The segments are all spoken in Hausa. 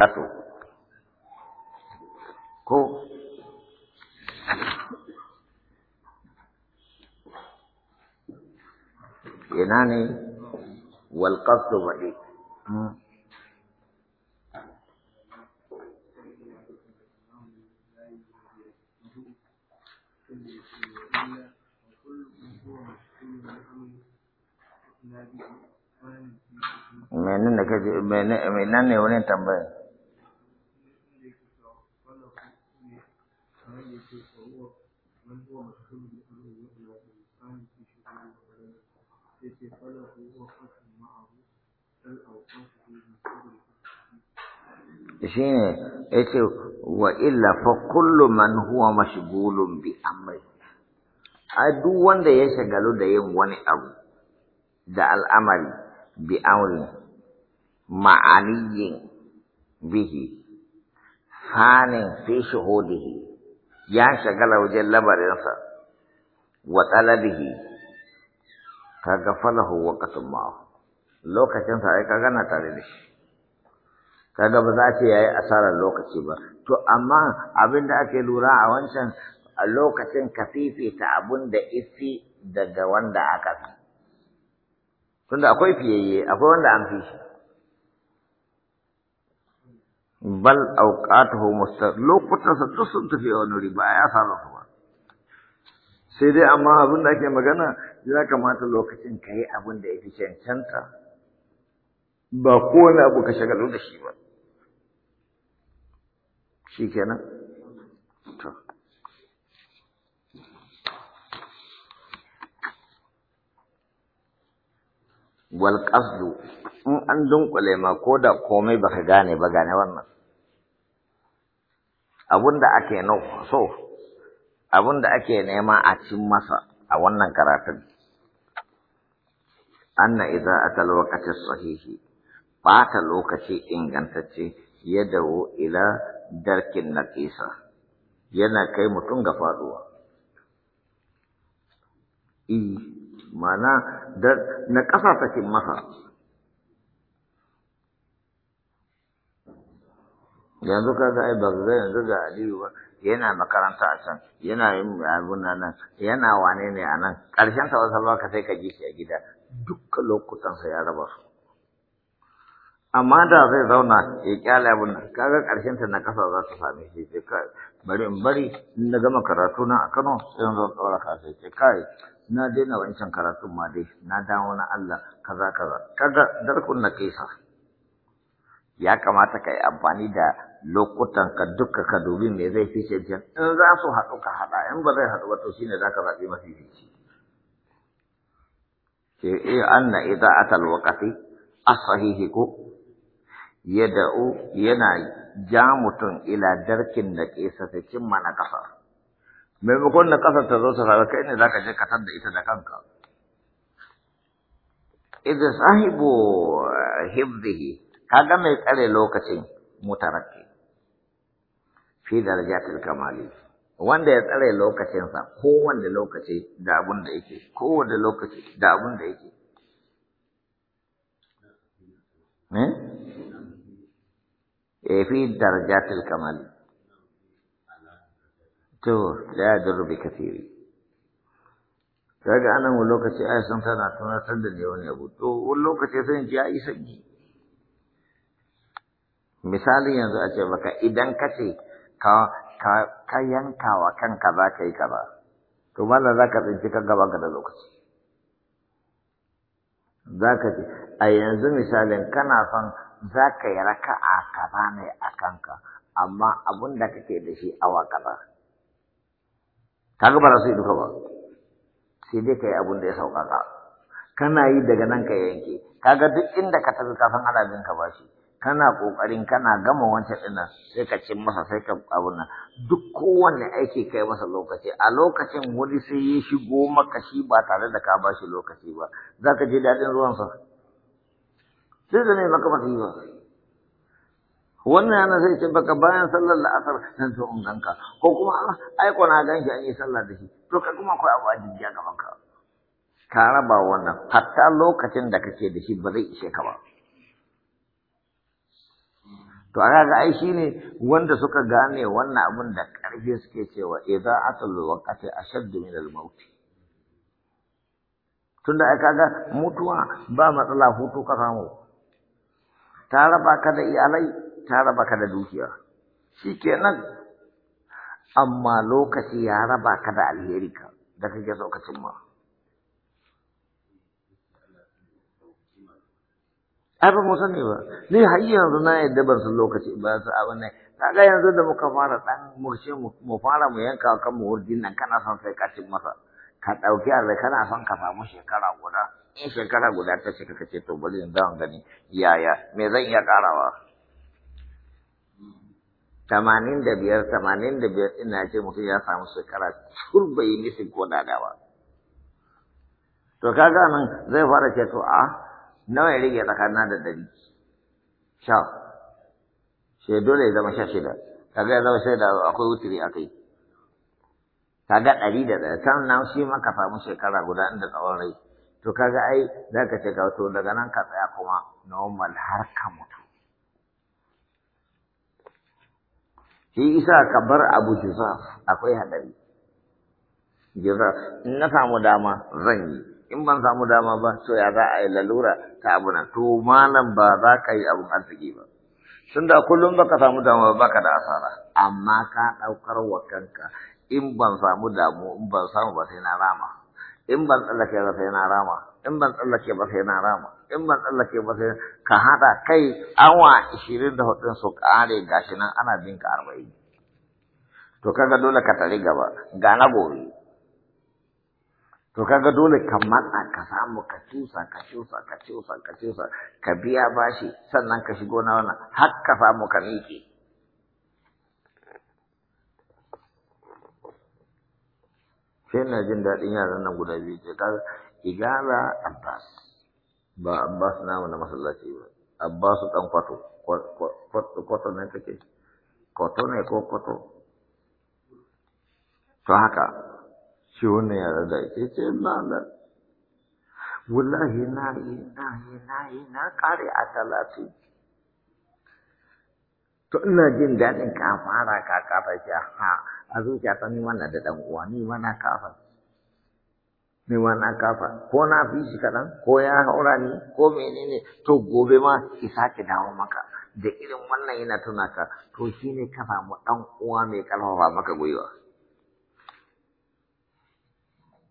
taso ko ina ne walƙasdu hmm. menene wani tambaya التوفيق وهو من هو shine yace wa illa fa kullu man huwa mashghulun bi amri a duk wanda ya shagalu da yin wani abu da al'amari bi amri ma'aniyin bihi fanin fi shuhudihi ya shagala wajen labarinsa wa talabihi ga falahu waqtun ma'a lokacin sa ai kaga na tare da shi kaga ba za ta yayi asarar lokaci ba to amma abin da ake lura a wancan a lokacin ka fifita abun da isi daga wanda aka fi tunda akwai fiyayye akwai wanda an fi shi bal auqatuhu mustar lokutan sa duk sun tafi wani wuri ya sa su ba sai dai amma abin da ake magana ya kamata lokacin ka yi abin da yake cancanta ba kowane abu ka shagalu da shi ba shikenan wal in an dunkule ma ko da komai baka gane ba gane wannan Abunda ake so ake nema a cin masa a wannan karatun anna idza atal lokaci sahihi bata lokaci ingantacce ya dawo ila darkin naqisa yana kai mutum ga faduwa mana da na ƙasa take masa yanzu kaga ai ba yanzu ga Aliyu ba yana makaranta a can yana yin abun nan yana wane ne a nan ƙarshen sa wasu ka sai ka ji shi a gida dukkan lokutansa ya raba su amma da zai zauna ya kyale abun nan kaga ƙarshen ta na kasa za ta same shi sai kai bari in bari in na gama karatu na a Kano sai zan ɗora ka sai kai na daina wancan karatun ma dai na dawo na Allah kaza kaza kaga darkun na kaisa ya kamata ka yi amfani da lokutan ka duka ka dubi me zai fi cancan in za su haɗu ka haɗa in ba zai haɗu ba to shine za ka zaɓi mafi fici ke e anna ida'atal waqti asahihi ko yada'u yana ja mutum ila darkin da kisa ta cimma na ƙasa. maimakon na ƙasar ta zo ta faru kai ne zaka je katar da ita da kanka idza sahibu hibdihi kaga mai tsare lokacin mutarakki fi darajatil kamali wanda ya tsare lokacinsa kowanne lokaci da abun da yake kowanne lokaci da abun da yake eh, eh fi darajatil kamali to la yadurru bi kathiri kaga anan wani lokaci ai san tana tunatar da ni wani abu to wani lokaci sai in ji sanyi misali yanzu a ce maka idan ka ce ka yanka wa kanka za ka yi kaza to mallan za ka tsinci kan gaba da lokaci za ka ce a yanzu misalin kana son za ka yi raka'a kaza ne a kanka amma abin da kake da shi awa kaza kaga ba za su yi duka ba sai dai kai abun da ya sauƙaƙa kana yi daga nan ka yanke kaga duk inda ka tafi ka san ana ka bashi kana ƙoƙarin kana gama wancan ɗinnan sai ka cin masa sai ka abun nan duk kowanne aiki kai masa lokaci a lokacin wani sai ya shigo maka shi ba tare da ka bashi lokaci ba za ka ji daɗin ruwansa sai da ne maka ba. wannan yana zai ce baka bayan sallar la'asar san to in ganka ko kuma ai na ganki an yi sallar da shi to ka kuma akwai abu a jijiya gaban ka ka raba wannan hatta lokacin da kake da shi ba zai ishe ka ba to aka ga ai shine wanda suka gane wannan abun da karfi suke cewa idza atul waqati ashaddu min al maut tunda aka ga mutuwa ba matsala hutu ka samu ta raba ka da iyalai ta raba ka da dukiya shi kenan amma lokaci ya raba ka da alheri da kake so ka cimma ai mu sani ba ni har yanzu na yadda ban san lokaci ba su abin nan kaga yanzu da muka fara dan mu mu fara mu yanka kan mu wurdin nan kana son sai ka cin masa ka ɗauki arzai kana son ka samu shekara guda in shekara guda ta ce kaka ce to bari in zan gani yaya me zan iya ƙarawa tamanin da biyar tamanin da biyar ina ce mutum ya samu shekara turba bai nisin ko dadawa to kaga nan zai fara ce to a ah, nawa ya rage tsakanin da dari sha Shi dole ya zama sha shida kaga ya zama shida akwai wutiri a kai kaga ɗari da ɗaya sannan shi ma ka samu shekara guda inda tsawon rai to kaga ai za ka ce ka to daga nan ka tsaya kuma normal har ka mutu Ki isa ka bar abu jizaf akwai haɗari jizaf in na samu dama zan yi in ban samu dama ba to ya za a yi lalura ta abu nan to malam ba za ka yi abun arziki ba Sun da kullum baka samu dama ba baka da asara amma ka ɗaukar wa kanka in ban samu damu in ban samu ba sai na rama in ban tsallake ba sai na rama in ban tsallake ba sai na rama in ban tsallake ba sai ka hada kai awa ishirin da su kare gashi nan ana bin ka arba'in to kaga dole ka tare gaba ga na gobe to kaga dole ka matsa ka samu ka cusa ka cusa ka cusa ka cusa ka biya bashi sannan ka shigo na wannan har ka samu ka miƙe sai na jin daɗin yaran nan guda biyu ce kaga igala abbas ba abbas namu na masallaci ba abbas dan kwato kwato ne kake kwato ne ko kwato to haka shi wannan yaran da yake ce ba da wallahi na yi na yi na yi na kare a talatin to ina jin daɗin ka fara ka kafa ha a zuciya ta nima na da ɗan uwa na kafa nima na kafa ko na fi shi kaɗan ko ya haura ni ko menene to gobe ma ki sake dawo maka da irin wannan yana tuna ka to shine ne ka samu ɗan uwa mai ƙarfafa maka gwiwa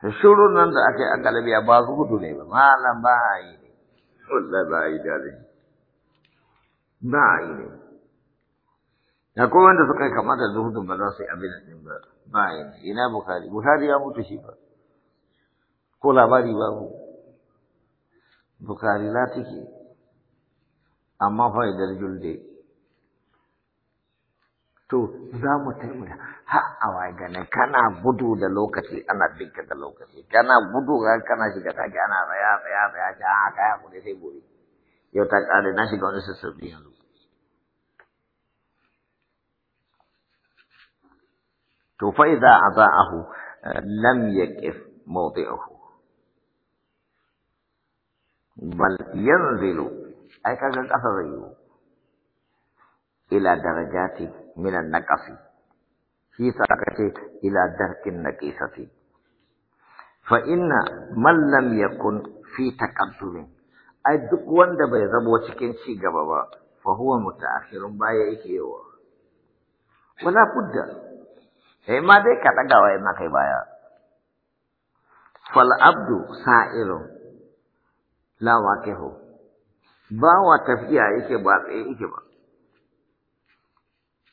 shirun nan da aka yi a galabiya ba gudu ne ba malam ba a yi ne wallahi ba a yi da ba a yi ne da ko wanda suka yi kama da zuhudun ba za su yi abin nan ba ba yana ina bukari bukari ya mutu shi ba ko labari ba ku bukari la take amma fa idan julde to za mu taimaka ha a gane kana gudu da lokaci ana binka da lokaci kana gudu ga kana shiga take ana raya raya raya ta haka ya kuɗe sai gobe yau ta kare na shiga wani sassabi yanzu تو فإذا أضاءه لم يقف موضعه بل ينزل أي كذا إلى درجات من النقص في سرقته إلى درك النقيصة فإن من لم يكن في تقدم أي دك وند ربو تكين شي فهو متأخر بايا إكيوا ولا بد sai ma dai ka ɗaga wa ma kai baya fal abdu sa'iru la waqihu ba wa tafiya yake ba tsaye yake ba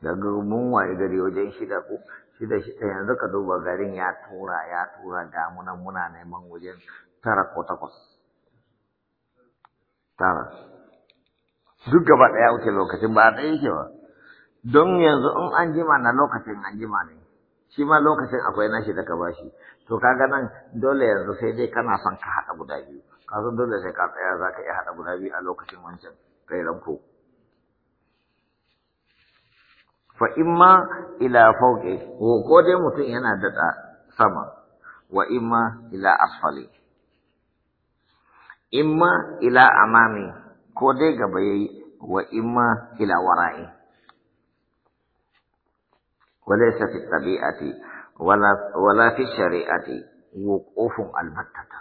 daga mun waye gari wajen shida ko shida shida yanzu ka duba garin ya tura ya tura damunan muna neman wajen tara ko takwas tara duk gaba ɗaya wuce lokacin ba a ɗaya yake ba don yanzu in an jima na lokacin an jima ne shi ma lokacin akwai nashi da ka bashi to kaga nan dole yanzu sai dai kana son ka haɗa guda biyu ka dole sai ka tsaya za ka iya haɗa guda biyu a lokacin wancan kai ranko fa imma ila fauqi wa ko dai mutum yana daɗa sama wa imma ila asfali imma ila amami ko dai gaba yayi wa imma ila wara'i وليس في الطبيعة ولا, ولا في الشريعة وقوف البتة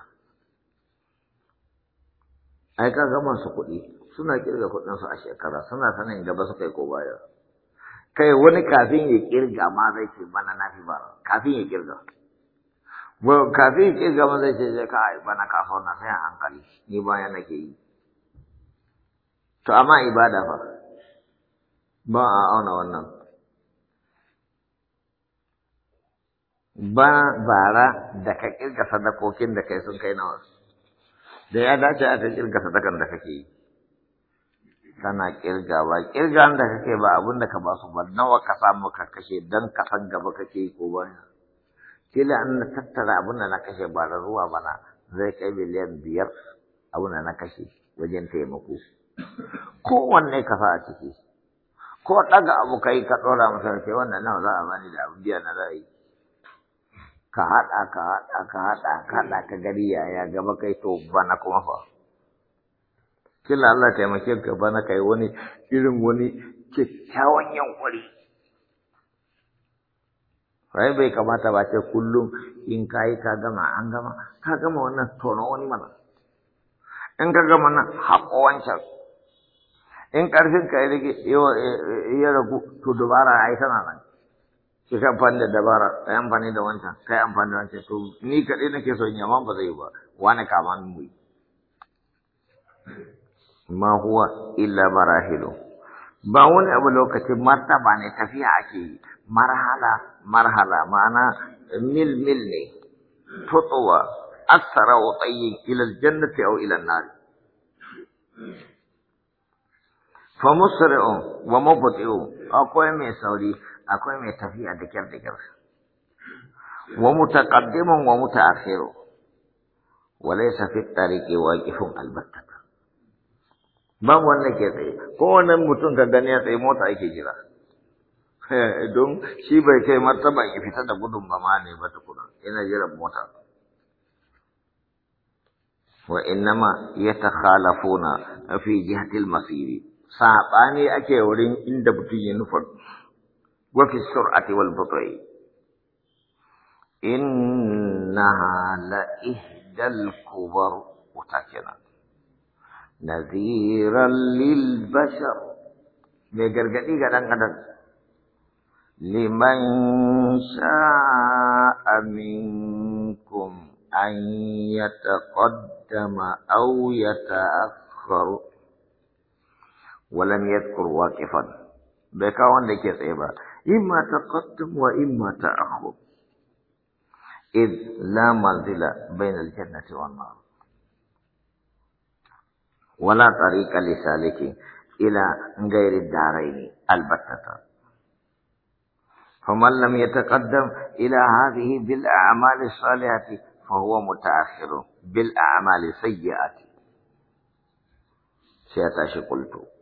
أي كما سقولي suna kirga kuɗin su a shekara suna sanin gaba suka yi ko baya kai wani kafin ya kirga ma zai ce bana na fi bara kafin ya kirga kafin ya kirga ma zai ce zai ka ai bana kafa na sai hankali ni baya nake yi to amma ibada fa ba a auna wannan ba bara da ka kirga sadakokin da kai sun kai nawa da ya dace a ka kirga sadakan da kake yi kana kirga ba kirgan da kake ba abin da ka ba su ba nawa ka samu ka kashe dan ka san gaba kake yi ko baya kila an na tattara abin da na kashe ba da ruwa bana zai kai miliyan biyar abin da na kashe wajen taimako kowanne ka sa a ciki ko ɗaga abu kai ka ɗora masa ce wannan nawa za a bani da abin biya na ra'ayi ka haɗa ka haɗa ka haɗa ka haɗa ka gari ya gaba kai to bana kuma fa kila Allah taimake ka bana kai wani irin wani kyakkyawan yankuri rai bai kamata ba ce kullum in yi ka gama an gama ka gama wannan tono wani mana in ka gama nan haƙo wancan in ƙarfin ka ya rage ya ragu to dubara ai tana nan ki ka amfani da dabara kai amfani da wancan kai amfani da wancan to ni kaɗai nake so in yaman ba zai yi ba wani kama min mu ma huwa illa marahilu ba wani abu lokacin martaba ne tafiya ake yi marhala marhala ma'ana mil mil ne tutsuwa asara wa tsayi ilal jannati aw ila an-nar fa musri'un wa mubti'un akwai mai sauri akwai mai tafiya da kyar da kyar wa mutaqaddimun wa mutaakhiru wa laysa fi tariqi waqifun albatta babu wanda ke tsaye kowane mutum ka gani ya tsaye mota ake jira eh, don shi bai kai martaba ya fita da gudun ba ma ne ba tukuna ina jiran mota wa innama yatakhalafuna fi jihati al-masiri sabani ake wurin inda mutum ya nufa وفي السرعة والبطء إنها لإحدى الكبر وتكنا نذيرا للبشر بجرجتي kadang-kadang لمن شاء منكم أن يتقدم أو يتأخر ولم يذكر واقفا بكاوان لكي سيبا إما تقدم وإما تأخر إذ لا منزل بين الجنة والنار ولا طريق لسالك إلى غير الدارين البتة فمن لم يتقدم إلى هذه بالأعمال الصالحة فهو متأخر بالأعمال السيئة سيتاشي قلت